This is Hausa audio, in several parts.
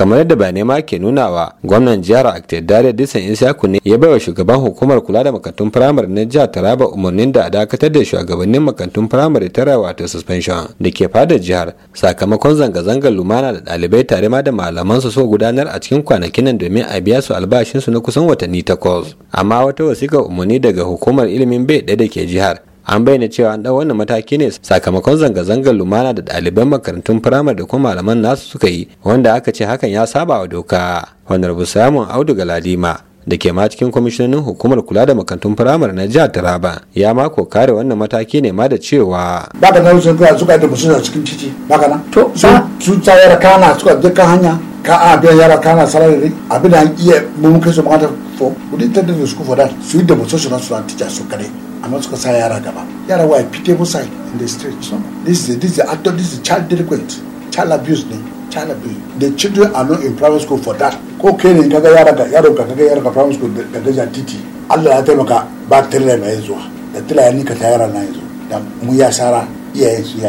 kamar yadda bayanai ma ke nunawa gwamnan jihar aktedare disan isyaku ne ya baiwa shugaban hukumar kula da makantun firamare na jihar taraba umarnin da a dakatar da shugabannin makantun firamare tara wato suspension da ke fada jihar sakamakon zanga-zangar lumana da ɗalibai tare ma da malamansu so gudanar a cikin kwanakin nan domin a biya su albashinsu na kusan watanni takwas amma wata wasiƙar umarni daga hukumar ilimin bai ɗaya da ke jihar an bayyana cewa an ɗau wannan mataki ne sakamakon zanga-zangar lumana da ɗaliban makarantun firamare da kuma malaman nasu suka yi wanda aka ce hakan ya saba wa doka rabu samun audu galadima da ke ma cikin kwamishinanin hukumar kula da makarantun firamare na jihar taraba ya mako kare wannan mataki ne ma da cewa ba ka nan sun kira suka da musu cikin titi ba ka nan to tsayar kana suka dukkan hanya ka a biyan yara kana salari abin da an iya mun kai su makarantar for we ta tell da to school su yi da na su na su kare I'm amma suka sa yara gaba yara wa people side in the streets. So, this is a, this is a adult this is a child delinquent child abuse ne child abuse the children are not in private school for that ko in Gaga Yaraga, yara Gaga Yaraga private school the daja titi Allah ya taimaka ba the na yanzu da tilla ya nika ta yara na yanzu da mu ya sara iyayen su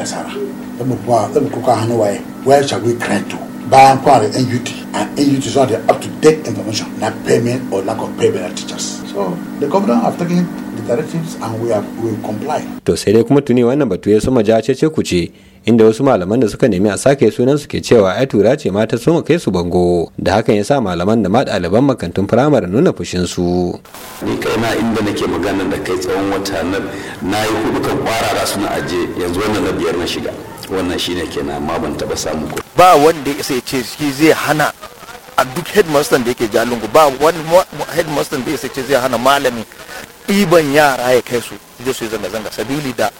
ya where shall we cry to bayan fara yan ut and yan ut is not the up to date information not payment or lack of payment at teachers so the governor have taken directives and we are we comply. To sai dai kuma tuni wannan batu ya suma ja ce ku ce inda wasu malaman da suka nemi a sake sunan su ke cewa ai tura ce mata so suma kai su bango da hakan ya sa malaman da ma ɗaliban makantun firamare nuna fushin su. Ni kaina inda nake magana da kai tsawon wata na yi hudu kan kwarara suna aje yanzu wannan na biyar na shiga wannan shine kenan ma ban taɓa samu ko. Ba wanda ya sai ce shi zai hana a duk headmaster da yake jalungu ba wani headmaster da ya ce zai hana malami ɗiban yara ya kai su je su yi zanga-zanga sabili da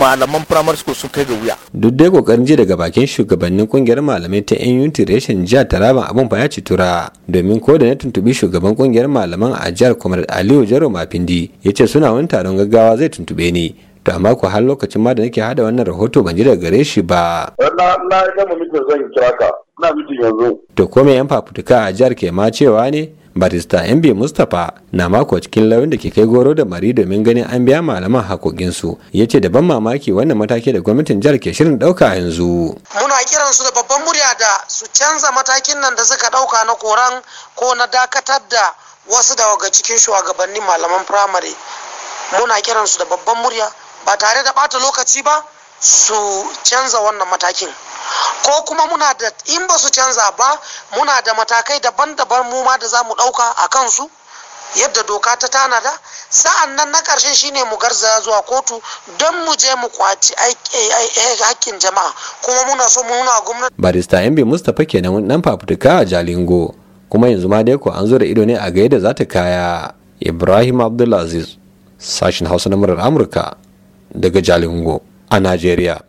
malaman primary school sun kai ga wuya. Duk dai kokarin ji daga bakin shugabannin kungiyar malamai ta yan unity reshen jihar Taraba abun fa ya ci tura domin ko da na tuntubi shugaban kungiyar malaman a jihar kamar Aliyu Jaro Mafindi ya ce suna wani taron gaggawa zai tuntube ni to amma ko har lokacin ma da nake hada wannan rahoto ban ji daga gare shi ba. Na na gama mijin zan kira ka. Na mijin yanzu. To ko yan fafutuka a jihar ke ma cewa ne? barista mb mustapha na mako cikin lauyin da ke kai goro da mari domin ganin an biya malaman su ya ce da ban mamaki wannan mataki da gwamnatin jihar ke shirin ɗauka yanzu muna kiran su da babban murya da su canza matakin nan da suka ɗauka na koran ko na dakatar da wasu daga cikin shugabannin malaman firamare muna kiran su da babban murya ba tare da bata lokaci ba su canza wannan matakin ko kuma muna da in ba su canza ba muna da matakai daban-daban mu ma da za mu ɗauka a kansu yadda doka ta tanada sa'an nan na ƙarshe shine mu garza zuwa kotu don mu je mu kwaci hakkin jama'a kuma muna so mu nuna gwamnati. barista yambe mustapha kenan dan fafutuka a jalingo kuma yanzu ma dai ko an zo da ido ne a ga yadda za ta kaya ibrahim abdulaziz sashin hausa na murar amurka daga jalingo a najeriya